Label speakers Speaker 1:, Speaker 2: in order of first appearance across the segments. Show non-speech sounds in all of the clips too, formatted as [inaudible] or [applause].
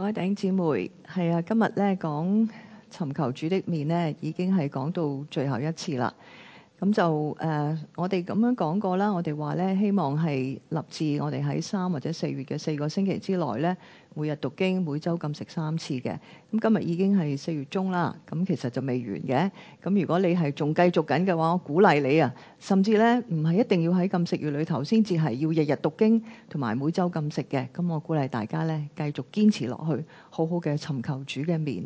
Speaker 1: 各位弟兄姊妹，係啊，今日咧講尋求主的面咧，已經係講到最後一次啦。咁就誒，uh，我哋咁樣講過啦。我哋話呢，希望係立志，我哋喺三或者四月嘅四個星期之內呢，每日讀經，每週禁食三次嘅。咁今日已經係四月中啦，咁其實就未完嘅。咁如果你係仲繼續緊嘅話，我鼓勵你啊，甚至呢唔係一定要喺禁食月裏頭先至係要日日讀經同埋每週禁食嘅。咁我鼓勵大家呢，繼續堅持落去，好好嘅尋求主嘅面。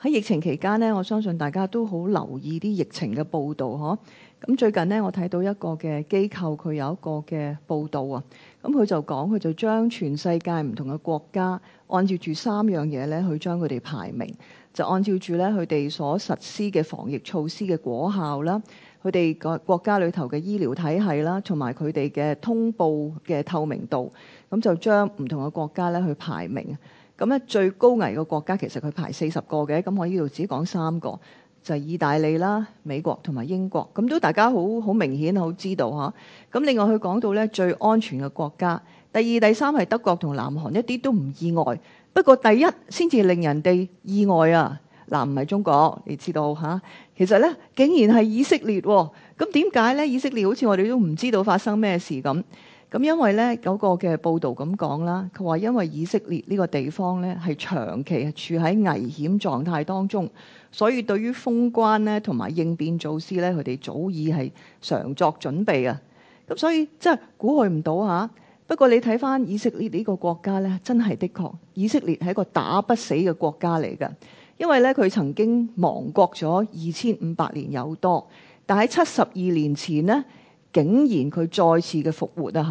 Speaker 1: 喺疫情期間咧，我相信大家都好留意啲疫情嘅報道呵。咁最近咧，我睇到一個嘅機構，佢有一個嘅報道啊。咁佢就講，佢就將全世界唔同嘅國家，按照住三樣嘢咧去將佢哋排名。就按照住咧，佢哋所實施嘅防疫措施嘅果效啦，佢哋個國家裏頭嘅醫療體系啦，同埋佢哋嘅通報嘅透明度，咁就將唔同嘅國家咧去排名。咁咧最高危嘅國家其實佢排四十個嘅，咁我呢度只講三個，就係意大利啦、美國同埋英國，咁都大家好好明顯、好知道嚇。咁另外佢講到咧最安全嘅國家，第二、第三係德國同南韓，一啲都唔意外。不過第一先至令人哋意外啊！嗱，唔係中國，你知道嚇？其實咧，竟然係以色列喎。咁點解咧？以色列好似我哋都唔知道發生咩事咁。咁因為呢嗰個嘅報導咁講啦，佢話因為以色列呢個地方呢係長期係處喺危險狀態當中，所以對於封關呢同埋應變措施呢，佢哋早已係常作準備啊。咁所以真係估佢唔到吓。不過你睇翻以色列呢個國家呢，真係的確以色列係一個打不死嘅國家嚟㗎，因為呢，佢曾經亡國咗二千五百年有多，但喺七十二年前呢。竟然佢再次嘅復活啊！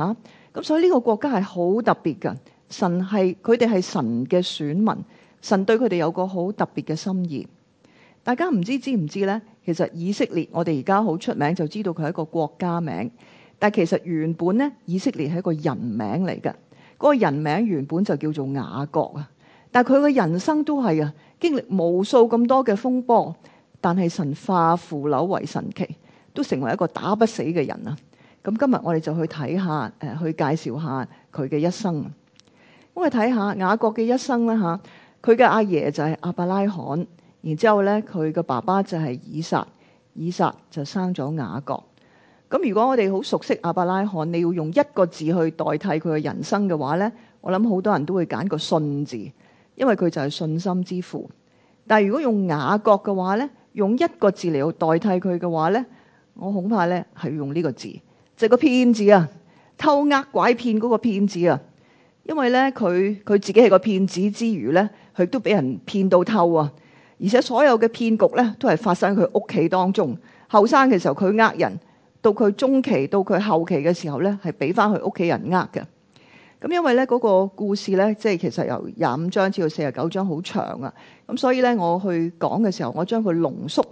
Speaker 1: 吓，咁所以呢個國家係好特別嘅。神係佢哋係神嘅選民，神對佢哋有個好特別嘅心意。大家唔知知唔知咧？其實以色列我哋而家好出名，就知道佢係一個國家名。但其實原本咧，以色列係一個人名嚟嘅。嗰個人名原本就叫做雅各啊。但佢嘅人生都係啊，經歷無數咁多嘅風波，但係神化腐朽為神奇。都成為一個打不死嘅人啊！咁今日我哋就去睇下，誒、呃、去介紹下佢嘅一生。咁我睇下雅各嘅一生啦。嚇，佢嘅阿爺就係亞伯拉罕，然之後咧佢嘅爸爸就係以撒，以撒就生咗雅各。咁如果我哋好熟悉亞伯拉罕，你要用一個字去代替佢嘅人生嘅話咧，我諗好多人都會揀個信字，因為佢就係信心之父。但係如果用雅各嘅話咧，用一個字嚟代替佢嘅話咧？我恐怕咧係用呢個字，即係個騙子啊，偷呃拐騙嗰個騙子啊，因為咧佢佢自己係個騙子之餘咧，佢都俾人騙到偷啊，而且所有嘅騙局咧都係發生佢屋企當中，後生嘅時候佢呃人，到佢中期到佢後期嘅時候咧，係俾翻佢屋企人呃嘅。咁因為咧嗰個故事咧，即係其實由廿五章至到四十九章好長啊，咁所以咧我去講嘅時候，我將佢濃縮。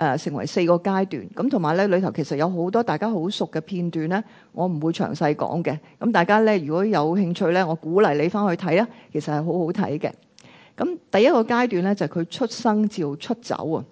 Speaker 1: 誒、呃、成為四個階段，咁同埋咧裏頭其實有好多大家好熟嘅片段咧，我唔會詳細講嘅。咁、嗯、大家咧如果有興趣咧，我鼓勵你返去睇啦，其實係好好睇嘅。咁、嗯、第一個階段咧就係、是、佢出生至到出走啊。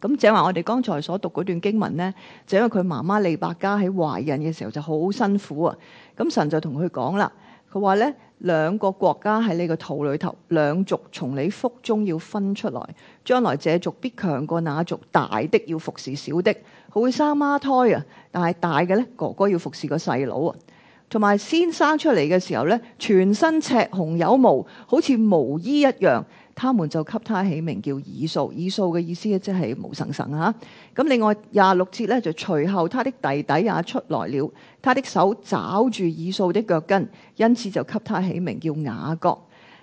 Speaker 1: 咁、嗯、正話我哋剛才所讀嗰段經文咧，就因為佢媽媽利百加喺懷孕嘅時候就好辛苦啊。咁、嗯、神就同佢講啦，佢話咧。兩個國家喺你個肚裏頭，兩族從你腹中要分出來，將來這族必強過那族，大的要服侍小的，佢會生孖胎啊！但係大嘅咧，哥哥要服侍個細佬啊，同埋先生出嚟嘅時候咧，全身赤紅有毛，好似毛衣一樣。他們就給他起名叫以掃，以掃嘅意思即係毛神神。咁另外廿六節咧就隨後他的弟弟也出來了，他的手抓住以掃的腳跟，因此就給他起名叫雅各。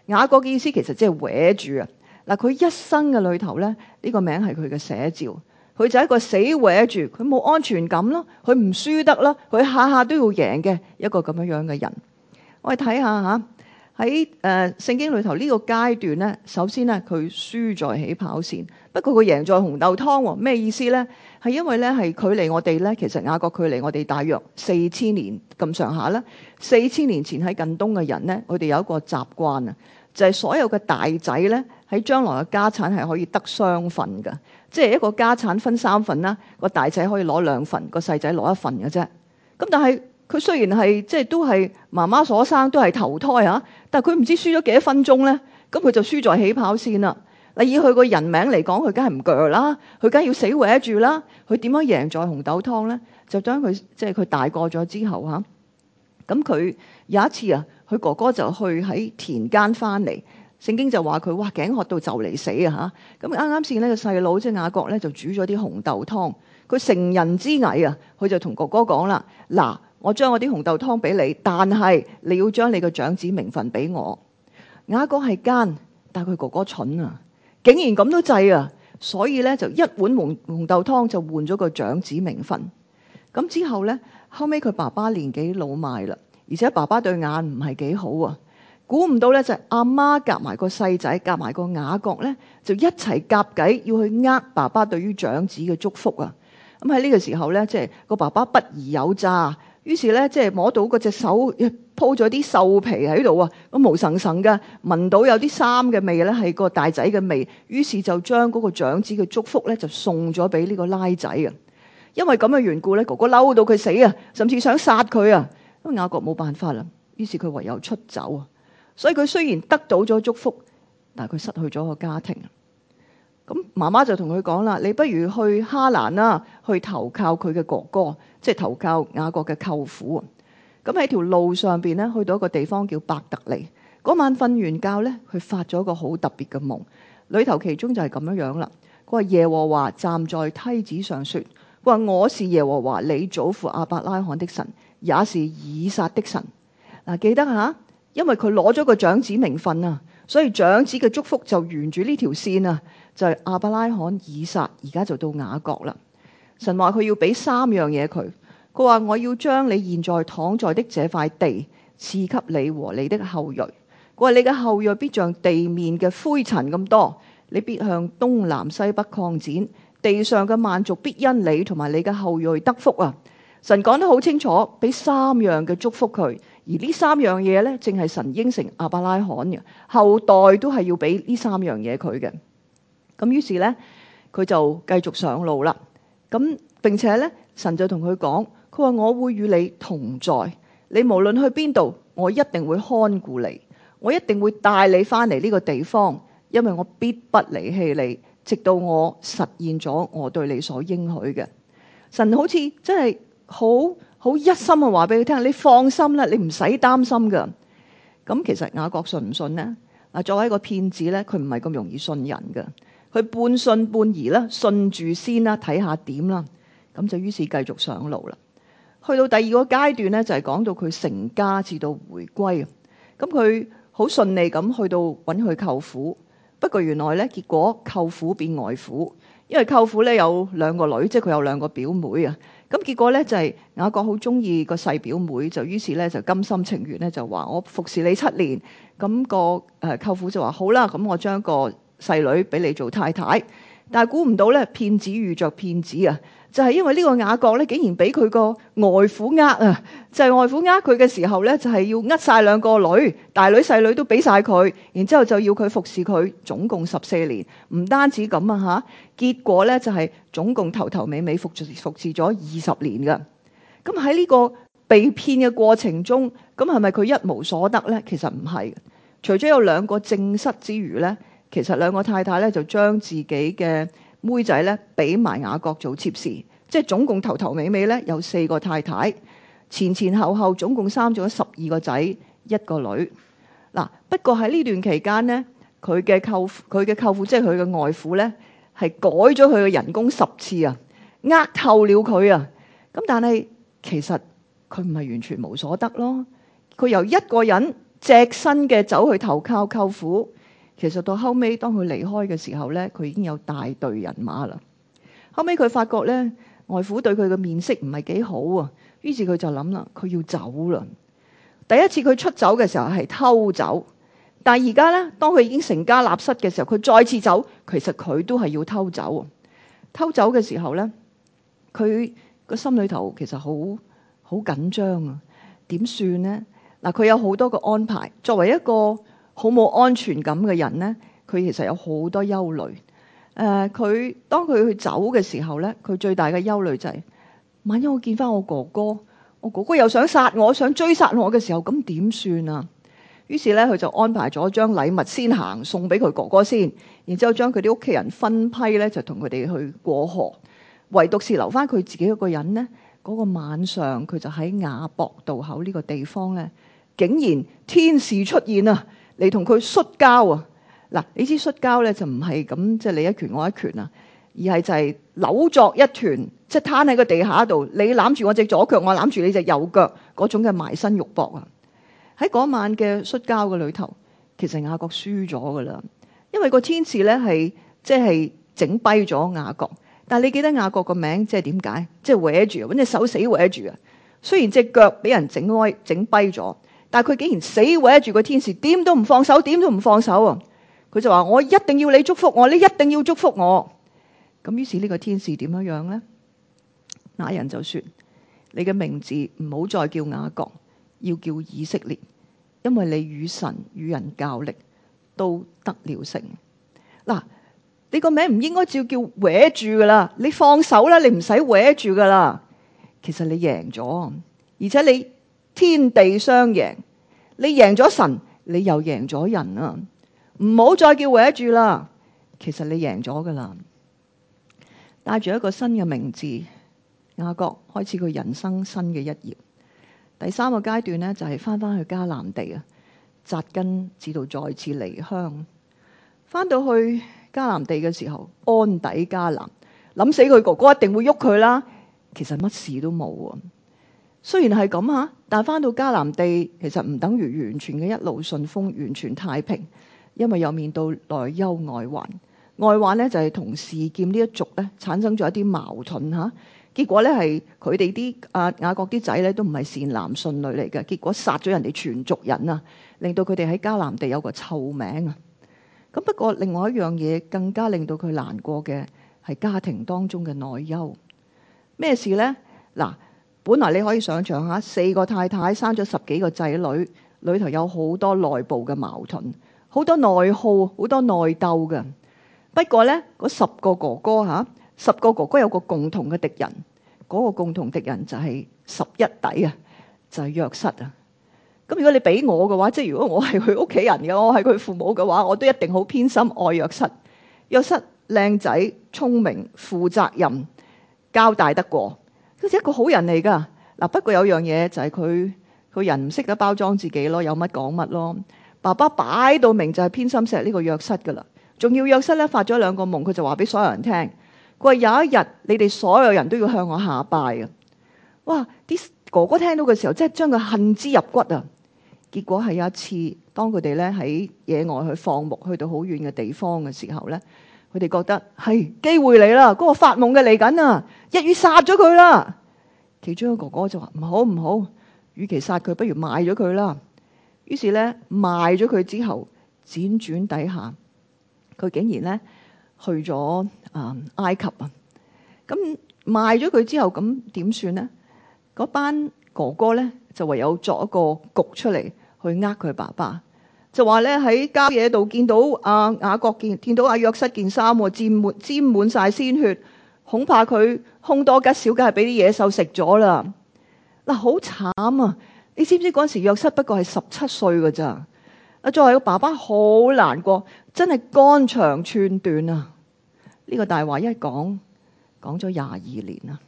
Speaker 1: 雅各嘅意思其實即係握住。佢一生嘅裏頭咧，呢、這個名係佢嘅寫照。佢就係一個死握住，佢冇安全感咯，佢唔輸得咯，佢下下都要贏嘅一個咁樣樣嘅人。我哋睇下。喺誒聖經裏頭個階呢個階段咧，首先咧佢輸在起跑線，不過佢贏在紅豆湯喎。咩意思咧？係因為咧係距離我哋咧，其實雅各距離我哋大約四千年咁上下啦。四千年前喺近東嘅人咧，佢哋有一個習慣啊，就係、是、所有嘅大仔咧喺將來嘅家產係可以得雙份嘅，即係一個家產分三份啦，個大仔可以攞兩份，個細仔攞一份嘅啫。咁但係。佢雖然係即係都係媽媽所生，都係投胎嚇，但係佢唔知輸咗幾多分鐘咧，咁佢就輸在起跑線啦。以佢個人名嚟講，佢梗係唔鋸啦，佢梗要死搲住啦，佢點樣贏在紅豆湯呢？就當佢即係佢大個咗之後嚇，咁佢有一次啊，佢哥哥就去喺田間返嚟，聖經就話佢哇頸渴到就嚟死啊嚇！咁啱啱先咧，個細佬即係雅各咧就煮咗啲紅豆湯，佢成人之危啊，佢就同哥哥講啦我將我啲紅豆湯俾你，但係你要將你個長子名分俾我。雅各係奸，但係佢哥哥蠢啊，竟然咁都制啊，所以咧就一碗紅豆湯就換咗個長子名分。咁之後呢，後屘佢爸爸年紀老邁啦，而且爸爸對眼唔係幾好啊，估唔到咧就阿媽夾埋個細仔夾埋個雅各呢，就一齊夾計要去呃爸爸對於長子嘅祝福啊。咁喺呢個時候呢，即係個爸爸不疑有詐。於是咧，即係摸到嗰隻手，鋪咗啲獸皮喺度啊！咁毛神神嘅，聞到有啲衫嘅味咧，係個大仔嘅味道。於是就將嗰個長子嘅祝福咧，就送咗俾呢個拉仔啊！因為咁嘅緣故咧，哥哥嬲到佢死啊，甚至想殺佢啊！因為雅各冇辦法啦，於是佢唯有出走啊！所以佢雖然得到咗祝福，但係佢失去咗個家庭。咁媽媽就同佢講啦，你不如去哈蘭啦、啊，去投靠佢嘅哥哥，即係投靠雅各嘅舅父。咁喺條路上邊咧，去到一個地方叫伯特利。嗰晚瞓完覺咧，佢發咗個好特別嘅夢，裏頭其中就係咁樣樣啦。佢話耶和華站在梯子上説，佢話我是耶和華，你祖父亞伯拉罕的神，也是以撒的神。嗱，記得嚇，因為佢攞咗個長子名分啊。所以長子嘅祝福就沿住呢條線啊，就係、是、亞伯拉罕、以撒，而家就到雅各啦。神話佢要俾三樣嘢佢，佢話我要將你現在躺在的這塊地賜給你和你的後裔。佢話你嘅後裔必像地面嘅灰塵咁多，你必向東南西北擴展，地上嘅萬族必因你同埋你嘅後裔得福啊！神講得好清楚，俾三樣嘅祝福佢。而呢三樣嘢咧，正係神應承阿伯拉罕嘅後代，都係要畀呢三樣嘢佢嘅。咁於是咧，佢就繼續上路啦。咁並且咧，神就同佢講：佢話我會與你同在，你無論去邊度，我一定會看顧你，我一定會帶你翻嚟呢個地方，因為我必不離棄你，直到我實現咗我對你所應許嘅。神好似真係好。好一心啊，話俾佢聽，你放心啦，你唔使擔心噶。咁其實雅各信唔信呢？啊，作為一個騙子咧，佢唔係咁容易信人噶，佢半信半疑啦，信住先啦，睇下點啦。咁就於是繼續上路啦。去到第二個階段咧，就係講到佢成家至到回歸。咁佢好順利咁去到揾佢舅父，不過原來咧，結果舅父變外父，因為舅父咧有兩個女，即係佢有兩個表妹啊。咁結果咧就係、是、雅各好中意個細表妹，就於是咧就甘心情願咧就話我服侍你七年，咁、那個誒、呃、舅父就話好啦，咁我將個細女俾你做太太，但係估唔到咧騙子遇着騙子啊！就係因為呢個雅各咧，竟然俾佢個外父呃，啊！ [laughs] 就係外父呃佢嘅時候咧，就係要呃晒兩個女，大女細女都俾晒佢，然之後就要佢服侍佢，總共十四年。唔單止咁啊嚇！結果咧就係總共頭頭尾尾服服侍咗二十年㗎。咁喺呢個被騙嘅過程中，咁係咪佢一無所得咧？其實唔係，除咗有兩個正室之餘咧，其實兩個太太咧就將自己嘅妹仔咧，俾埋雅各做妾侍，即係總共頭頭尾尾咧有四個太太，前前後後總共生咗十二個仔，一個女。嗱，不過喺呢段期間咧，佢嘅舅父佢嘅舅父，即係佢嘅外父咧，係改咗佢嘅人工十次啊，呃透了佢啊。咁但係其實佢唔係完全冇所得咯，佢由一個人隻身嘅走去投靠舅父。其實到後尾，當佢離開嘅時候咧，佢已經有大隊人馬啦。後尾佢發覺咧，外父對佢嘅面色唔係幾好啊，於是佢就諗啦，佢要走啦。第一次佢出走嘅時候係偷走，但係而家咧，當佢已經成家立室嘅時候，佢再次走，其實佢都係要偷走啊。偷走嘅時候咧，佢個心裏頭其實好好緊張啊，點算呢？嗱，佢有好多個安排，作為一個。好冇安全感嘅人呢，佢其實有好多憂慮。誒、呃，佢當佢去走嘅時候呢，佢最大嘅憂慮就係、是：萬一我見翻我哥哥，我哥哥又想殺我，想追殺我嘅時候，咁點算啊？於是呢，佢就安排咗將禮物先行送俾佢哥哥先，然之後將佢啲屋企人分批咧就同佢哋去過河，唯獨是留翻佢自己一個人呢，嗰、那個晚上，佢就喺雅博渡口呢個地方呢，竟然天使出現啊！你同佢摔跤啊！嗱，呢支摔跤咧就唔係咁，即係你一拳我一拳啊，而係就係扭作一團，即係攤喺個地下度，你攬住我隻左腳，我攬住你隻右腳嗰種嘅埋身肉搏啊！喺嗰晚嘅摔跤嘅裏頭，其實雅各輸咗噶啦，因為個天使咧係即係整跛咗雅各。但係你記得雅各個名即係點解？即係握住，啊，搵隻手死握住啊！雖然隻腳俾人整開、整跛咗。但係佢竟然死握住個天使，點都唔放手，點都唔放手啊！佢就話：我一定要你祝福我，你一定要祝福我。咁於是呢個天使點樣樣呢？那人就說：你嘅名字唔好再叫雅各，要叫以色列，因為你與神與人較力都得了勝。嗱，你個名唔應該照叫握住噶啦，你放手啦，你唔使握住噶啦。其實你贏咗，而且你。天地相贏，你贏咗神，你又贏咗人啊！唔好再叫握住啦，其實你贏咗噶啦。帶住一個新嘅名字雅各，開始佢人生新嘅一頁。第三個階段咧，就係翻返去迦南地啊，紮根直到再次離鄉。翻到去迦南地嘅時候，安抵迦南，諗死佢哥哥一定會喐佢啦。其實乜事都冇啊。雖然係咁嚇，但係返到迦南地，其實唔等於完全嘅一路順風、完全太平，因為又面對內憂外患。外患呢就係、是、同示劍呢一族咧產生咗一啲矛盾嚇。結果呢係佢哋啲啊雅各啲仔呢都唔係善男信女嚟嘅，結果殺咗人哋全族人啊，令到佢哋喺迦南地有個臭名啊。咁不過另外一樣嘢更加令到佢難過嘅係家庭當中嘅內憂。咩事呢？嗱？本來你可以想象下，四個太太生咗十幾個仔女，裏頭有好多內部嘅矛盾，好多內耗，好多內鬥嘅。不過呢，嗰十個哥哥吓，十個哥哥有個共同嘅敵人，嗰、那個共同敵人就係十一弟啊，就係、是、約瑟啊。咁如果你俾我嘅話，即係如果我係佢屋企人嘅，我係佢父母嘅話，我都一定好偏心愛約瑟。約瑟靚仔、聰明、負責任、交代得過。佢是一個好人嚟噶，嗱、啊，不過有樣嘢就係佢個人唔識得包裝自己咯，有乜講乜咯。爸爸擺到明就係偏心錫呢個約瑟噶啦，仲要約瑟咧發咗兩個夢，佢就話俾所有人聽，佢話有一日你哋所有人都要向我下拜啊！哇，啲哥哥聽到嘅時候真係將佢恨之入骨啊！結果係一次，當佢哋咧喺野外去放牧，去到好遠嘅地方嘅時候咧。佢哋覺得係機會嚟啦，嗰、嗰個發夢嘅嚟緊啊！一於殺咗佢啦。其中一個哥哥就話：唔好唔好，與其殺佢，不如賣咗佢啦。於是咧賣咗佢之後，輾轉底下，佢竟然咧去咗啊、嗯、埃及啊！咁賣咗佢之後，咁點算咧？嗰班哥哥咧就唯有作一個局出嚟，去呃佢爸爸。就話呢，喺郊野度見到阿，啊，雅各見見到阿，啊，約瑟件衫喎，沾滿沾滿曬鮮血，恐怕佢凶多吉少，梗係俾啲野獸食咗啦。嗱、啊，好慘啊！你知唔知嗰陣時約瑟不過係十七歲嘅咋？啊，作為個爸爸好難過，真係肝腸寸斷啊！呢、這個大話一講講咗廿二年啦。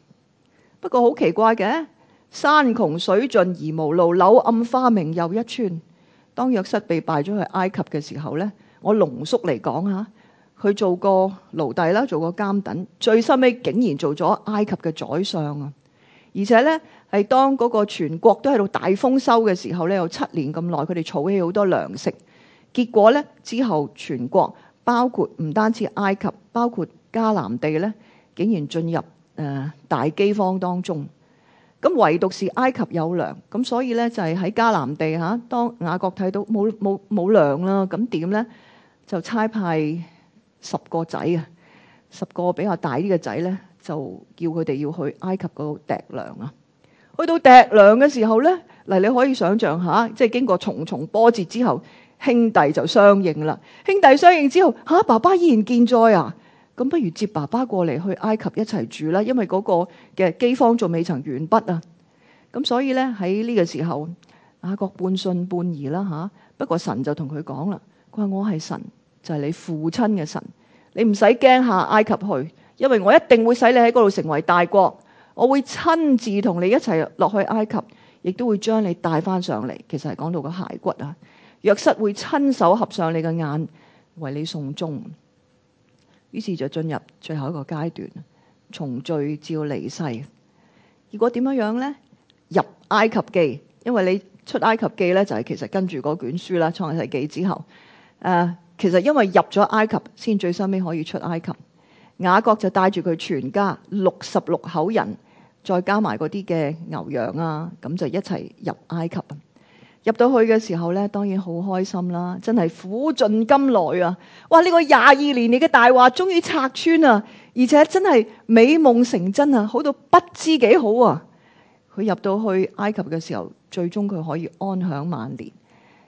Speaker 1: 不過好奇怪嘅，山窮水盡而無路，柳暗花明又一村。當約瑟被拜咗去埃及嘅時候呢，我濃縮嚟講啊，佢做過奴隸啦，做過監躉，最收尾竟然做咗埃及嘅宰相啊！而且呢，係當嗰個全國都喺度大豐收嘅時候呢，有七年咁耐，佢哋儲起好多糧食。結果呢，之後，全國包括唔單止埃及，包括迦南地呢，竟然進入、呃、大饑荒當中。唯獨是埃及有糧，咁所以呢，就係喺迦南地吓、啊，當雅各睇到冇冇冇糧啦，咁點呢，就差派十個仔啊，十個比較大啲嘅仔呢，就叫佢哋要去埃及嗰度糴糧啊，去到糴糧嘅時候呢，嗱，你可以想象下，即、就、係、是、經過重重波折之後，兄弟就相認啦，兄弟相認之後吓、啊，爸爸依然健在啊。咁不如接爸爸過嚟去埃及一齊住啦，因為嗰個嘅饑荒仲未曾完畢啊！咁所以呢，喺呢個時候，雅各半信半疑啦、啊、不過神就同佢講啦，佢話我係神，就係、是、你父親嘅神，你唔使驚下埃及去，因為我一定會使你喺嗰度成為大國，我會親自同你一齊落去埃及，亦都會將你帶翻上嚟。其實係講到個骸骨啊，約瑟會親手合上你嘅眼，為你送終。於是就進入最後一個階段，從聚至到離世。結果點樣樣呢？入埃及記，因為你出埃及記呢，就係、是、其實跟住嗰卷書啦。創世記之後，誒、呃，其實因為入咗埃及，先最收尾可以出埃及。雅各就帶住佢全家六十六口人，再加埋嗰啲嘅牛羊啊，咁就一齊入埃及。入到去嘅時候呢，當然好開心啦！真係苦盡甘來啊！哇，呢個廿二年嚟嘅大話終於拆穿啊！而且真係美夢成真啊，好到不知幾好啊！佢入到去埃及嘅時候，最終佢可以安享晚年。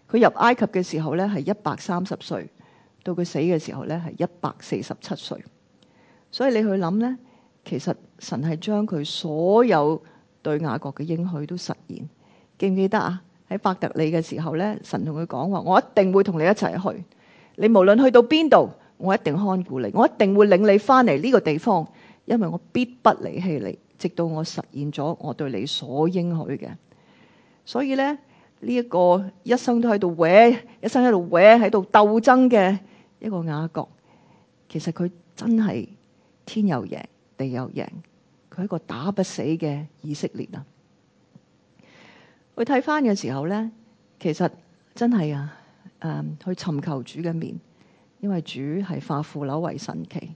Speaker 1: 佢入埃及嘅時候呢，係一百三十歲，到佢死嘅時候呢，係一百四十七歲。所以你去諗呢，其實神係將佢所有對雅各嘅應許都實現，記唔記得啊？喺伯特利嘅時候呢，神同佢講話：我一定會同你一齊去，你無論去到邊度，我一定看顧你，我一定會領你翻嚟呢個地方，因為我必不離棄你，直到我實現咗我對你所應許嘅。所以咧，呢、這、一個一生都喺度搲、一生喺度搲、喺度鬥爭嘅一個雅各，其實佢真係天有贏、地有贏，佢係一個打不死嘅以色列。去睇返嘅時候呢，其實真係啊，誒、嗯，去尋求主嘅面，因為主係化腐朽為神奇。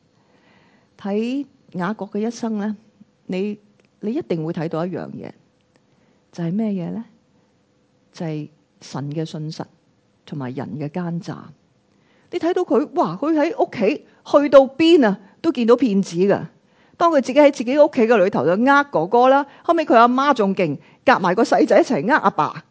Speaker 1: 睇雅各嘅一生呢，你你一定會睇到一樣嘢，就係咩嘢呢？就係、是，神嘅信實同埋人嘅奸詐。你睇到佢，哇！佢喺屋企，去到邊啊，都見到騙子㗎。當佢自己喺自己屋企嘅裏頭就呃哥哥啦，後尾佢阿媽仲勁夾埋個細仔一齊呃阿爸，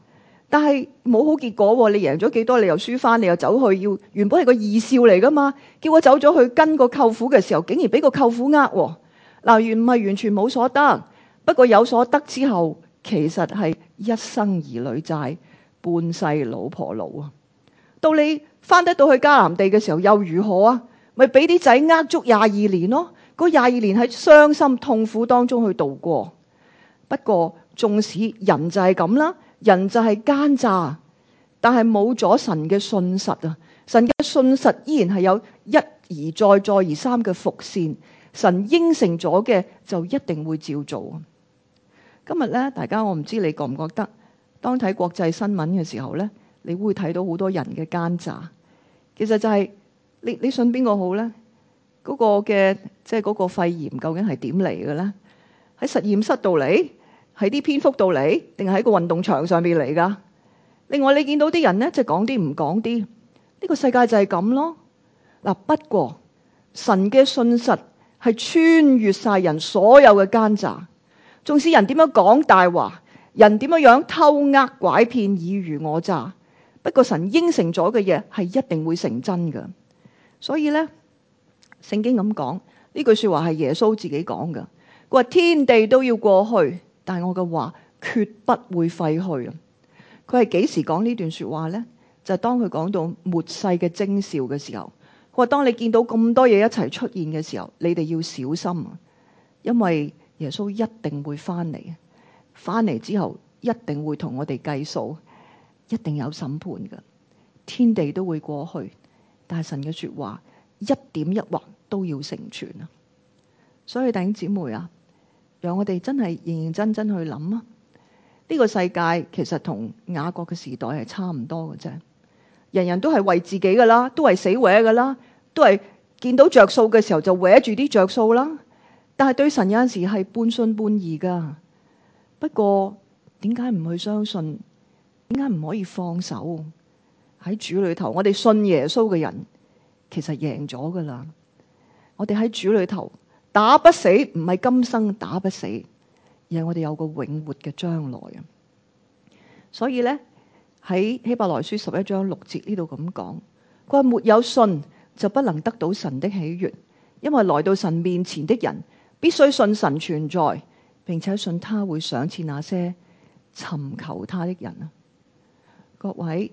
Speaker 1: 但係冇好結果。你贏咗幾多，你又輸翻，你又走去要。原本係個二少嚟噶嘛，結果走咗去跟個舅父嘅時候，竟然俾個舅父呃。嗱，原唔係完全冇所得，不過有所得之後，其實係一生兒女債，半世老婆奴啊。到你翻得到去迦南地嘅時候，又如何啊？咪俾啲仔呃足廿二年咯。嗰廿二年喺傷心痛苦當中去度過，不過縱使人就係咁啦，人就係奸詐，但係冇咗神嘅信實啊！神嘅信實依然係有一而再、再而三嘅複現，神應承咗嘅就一定會照做。今日咧，大家我唔知你覺唔覺得，當睇國際新聞嘅時候咧，你會睇到好多人嘅奸詐，其實就係、是、你，你信邊個好呢？」嗰個嘅即係嗰個肺炎究竟係點嚟嘅咧？喺實驗室度嚟，喺啲蝙蝠度嚟，定係喺個運動場上邊嚟噶？另外你見到啲人咧，即係講啲唔講啲？呢個世界就係咁咯。嗱，不過神嘅信實係穿越晒人所有嘅奸詐，縱使人點樣講大話，人點樣樣偷呃拐騙以虞我詐，不過神應承咗嘅嘢係一定會成真嘅。所以咧。聖經咁講，呢句說話係耶穌自己講㗎。佢話天地都要過去，但係我嘅話決不會廢去。佢係幾時講呢段說話咧？就係當佢講到末世嘅徵兆嘅時候，佢話：當你見到咁多嘢一齊出現嘅時候，你哋要小心，因為耶穌一定會翻嚟。翻嚟之後，一定會同我哋計數，一定有審判嘅。天地都會過去，但係神嘅說話。一點一橫都要成全啊！所以弟兄姊妹啊，讓我哋真係認認真真去諗啊！呢、這個世界其實同雅各嘅時代係差唔多嘅啫，人人都係為自己噶啦，都係死搲嘅啦，都係見到着數嘅時候就搲住啲着數啦。但係對神有陣時係半信半疑噶。不過點解唔去相信？點解唔可以放手喺主裏頭？我哋信耶穌嘅人。其實贏咗㗎喇，我哋喺主裏頭打不死，唔係今生打不死，而係我哋有個永活嘅將來。所以呢，喺希伯來書十一章六節呢度咁講，佢話，沒有信就不能得到神的喜悦，因為來到神面前的人必須信神存在，並且信他會賞賜那些尋求他的人。各位，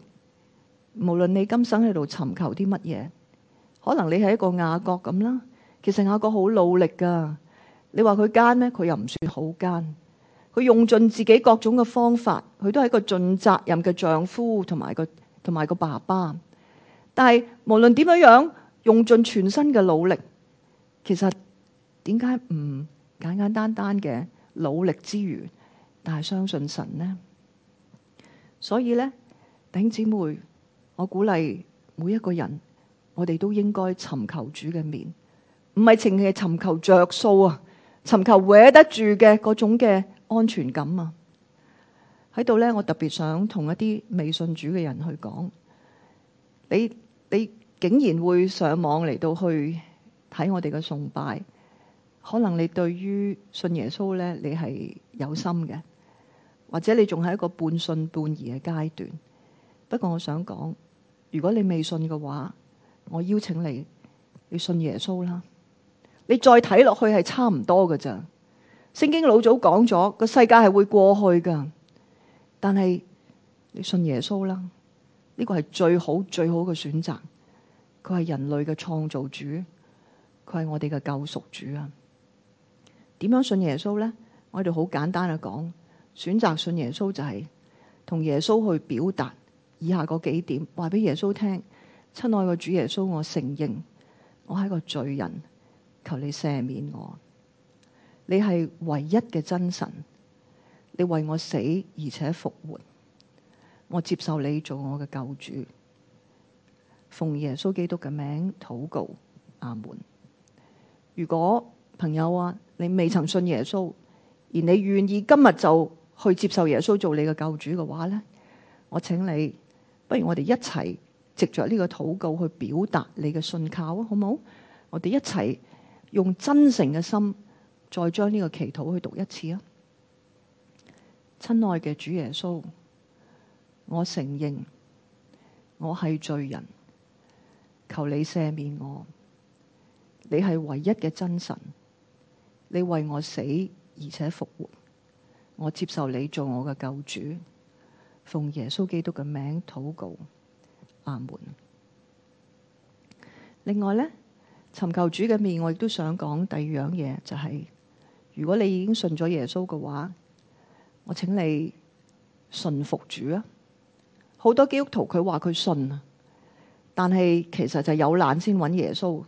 Speaker 1: 無論你今生喺度尋求啲乜嘢？可能你係一個雅各咁啦，其實雅各好努力噶。你話佢奸咩？佢又唔算好奸。佢用盡自己各種嘅方法，佢都係一個盡責任嘅丈夫同埋個同埋個爸爸。但係無論點樣樣，用盡全身嘅努力，其實點解唔簡簡單單嘅努力之餘，但係相信神呢？所以呢，弟兄姊妹，我鼓勵每一個人。我哋都應該尋求主嘅面，唔係淨係尋求着數啊，尋求捱得住嘅嗰種嘅安全感啊。喺度咧，我特別想同一啲未信主嘅人去講，你你竟然會上網嚟到去睇我哋嘅崇拜，可能你對於信耶穌咧，你係有心嘅，或者你仲係一個半信半疑嘅階段。不過我想講，如果你未信嘅話，我邀請你，你信耶穌啦。你再睇落去係差唔多噶咋。聖經老早講咗，個世界係會過去噶，但係你信耶穌啦，呢、這個係最好最好嘅選擇。佢係人類嘅創造主，佢係我哋嘅救贖主啊。點樣信耶穌咧？我哋好簡單嘅講，選擇信耶穌就係、是、同耶穌去表達以下嗰幾點，話俾耶穌聽。親愛嘅主耶穌，我承認我係個罪人，求你赦免我。你係唯一嘅真神，你為我死而且復活，我接受你做我嘅救主。奉耶穌基督嘅名禱告，阿門。如果朋友啊，你未曾信耶穌，而你願意今日就去接受耶穌做你嘅救主嘅話咧，我請你，不如我哋一齊。藉着呢個禱告去表達你嘅信靠啊，好唔好？我哋一齊用真誠嘅心，再將呢個祈禱去讀一次啊！親愛嘅主耶穌，我承認我係罪人，求你赦免我。你係唯一嘅真神，你為我死而且復活，我接受你做我嘅救主，奉耶穌基督嘅名禱告。阿門。另外呢，尋求主嘅面，我亦都想講第二樣嘢，就係如果你已經信咗耶穌嘅話，我請你順服主啊。好多基督徒佢話佢信啊，但係其實就有難先揾耶穌，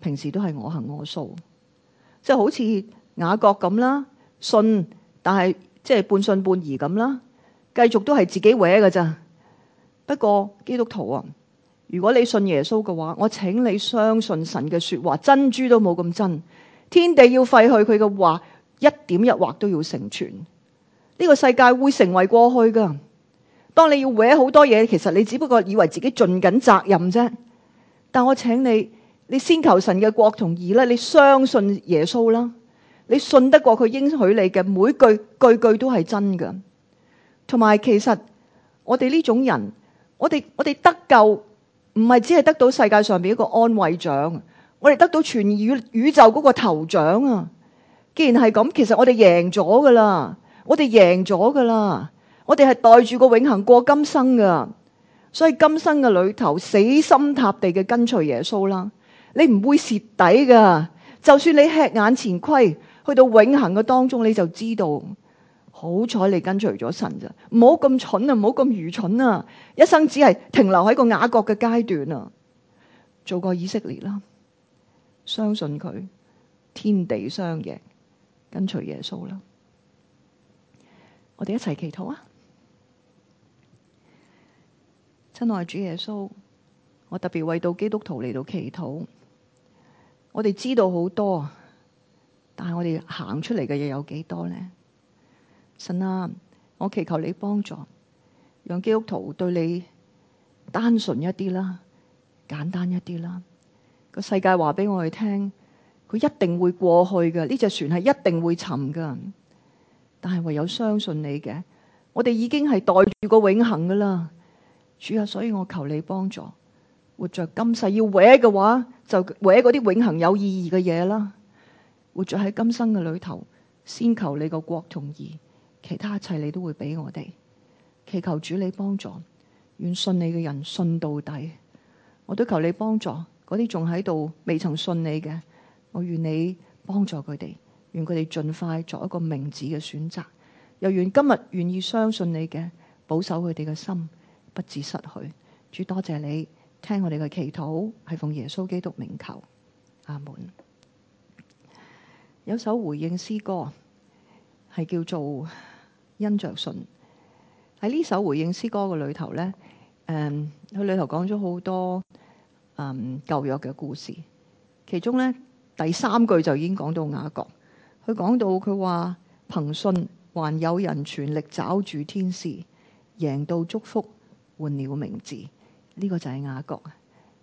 Speaker 1: 平時都係我行我素，即係好似雅各咁啦，信但係即係半信半疑咁啦，繼續都係自己搲嘅咋。一個基督徒啊，如果你信耶穌嘅話，我請你相信神嘅說話，珍珠都冇咁真，天地要廢去佢嘅話，一點一畫都要成全。呢個世界會成為過去噶。當你要搲好多嘢，其實你只不過以為自己盡緊責任啫。但我請你，你先求神嘅國同義啦，你相信耶穌啦，你信得過佢應許你嘅，每句句句都係真嘅。同埋，其實我哋呢種人。我哋我哋得救唔係只係得到世界上面一個安慰獎，我哋得到全宇宇宙嗰個頭獎啊！既然係咁，其實我哋贏咗噶啦，我哋贏咗噶啦，我哋係帶住個永恆過今生噶，所以今生嘅旅途，死心塌地嘅跟隨耶穌啦，你唔會蝕底噶，就算你吃眼前虧，去到永恆嘅當中你就知道。好彩你跟隨咗神咋，唔好咁蠢啊，唔好咁愚蠢啊！一生只係停留喺個雅各嘅階段啊，做個以色列啦，相信佢天地相贏，跟隨耶穌啦。我哋一齊祈禱啊！親愛主耶穌，我特別為到基督徒嚟到祈禱。我哋知道好多，但係我哋行出嚟嘅嘢有幾多咧？神啊，我祈求你幫助，讓基督徒對你單純一啲啦，簡單一啲啦。個世界話畀我哋聽，佢一定會過去嘅。呢隻船係一定會沉嘅，但係唯有相信你嘅，我哋已經係待住個永恒噶啦。主啊，所以我求你幫助，活在今世要搲嘅話，就搲嗰啲永恒有意義嘅嘢啦。活在喺今生嘅裏頭，先求你個國同意。其他一切你都會畀我哋。祈求主你幫助，願信你嘅人信到底。我都求你幫助嗰啲仲喺度未曾信你嘅，我願你幫助佢哋，願佢哋盡快作一個明智嘅選擇。又願今日願意相信你嘅，保守佢哋嘅心不致失去。主多謝你聽我哋嘅祈禱，係奉耶穌基督名求。阿門。有首回應詩歌係叫做。因着信喺呢首回應詩歌嘅裏頭咧，誒、嗯，佢裏頭講咗好多嗯舊約嘅故事，其中咧第三句就已經講到雅各。佢講到佢話，憑信還有人全力找住天使，贏到祝福換了個名字。呢、這個就係雅各。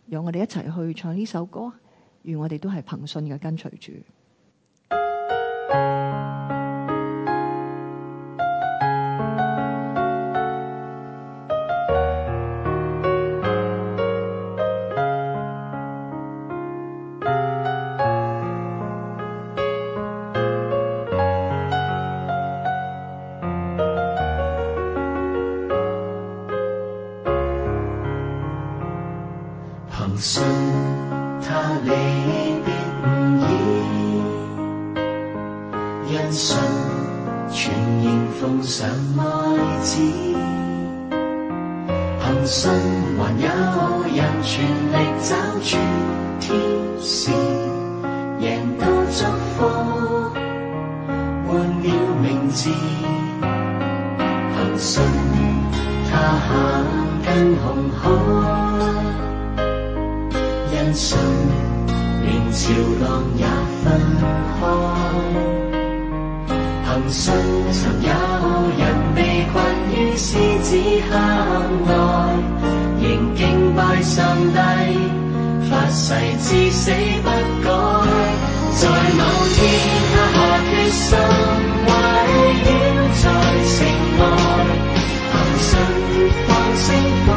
Speaker 1: 讓我哋一齊去唱呢首歌，願我哋都係憑信嘅跟隨主。
Speaker 2: 此刻內仍敬拜上帝，發誓至死不改。在某天他下決心，圍繞在城外行進放聲。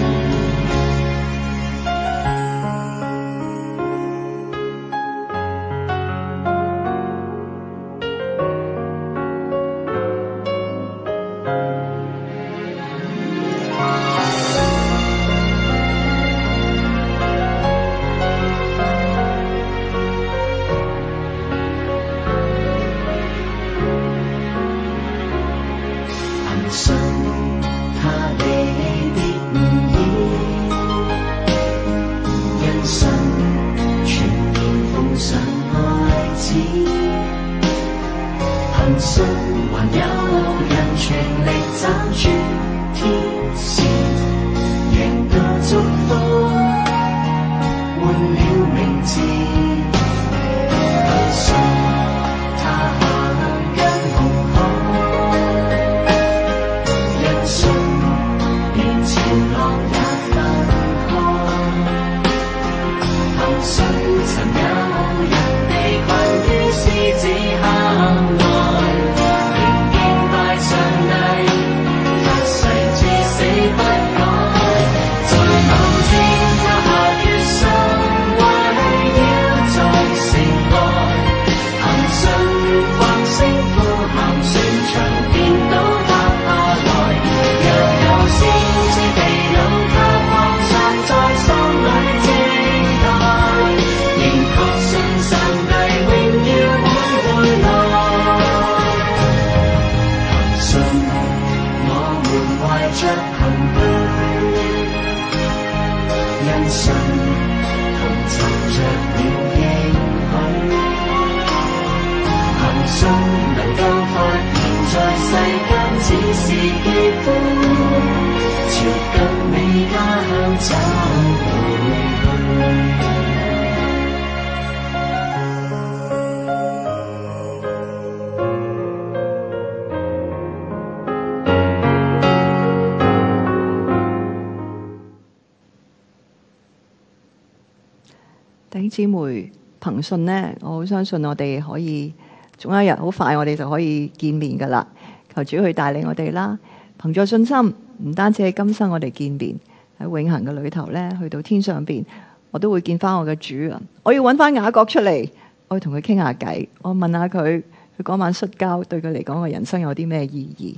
Speaker 1: 丁姊妹彭順呢？我相信我哋可以，仲有一日好快，我哋就可以見面噶啦。求主去帶領我哋啦，憑着信心，唔單止喺今生我哋見面，喺永恒嘅裏頭咧，去到天上邊，我都會見翻我嘅主人。我要搵翻雅各出嚟，我要同佢傾下偈，我問下佢，佢嗰晚摔跤對佢嚟講嘅人生有啲咩意義？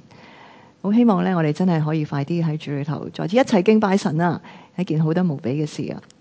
Speaker 1: 好希望咧，我哋真係可以快啲喺主裏頭，再次一齊敬拜神啊！係件好得無比嘅事啊！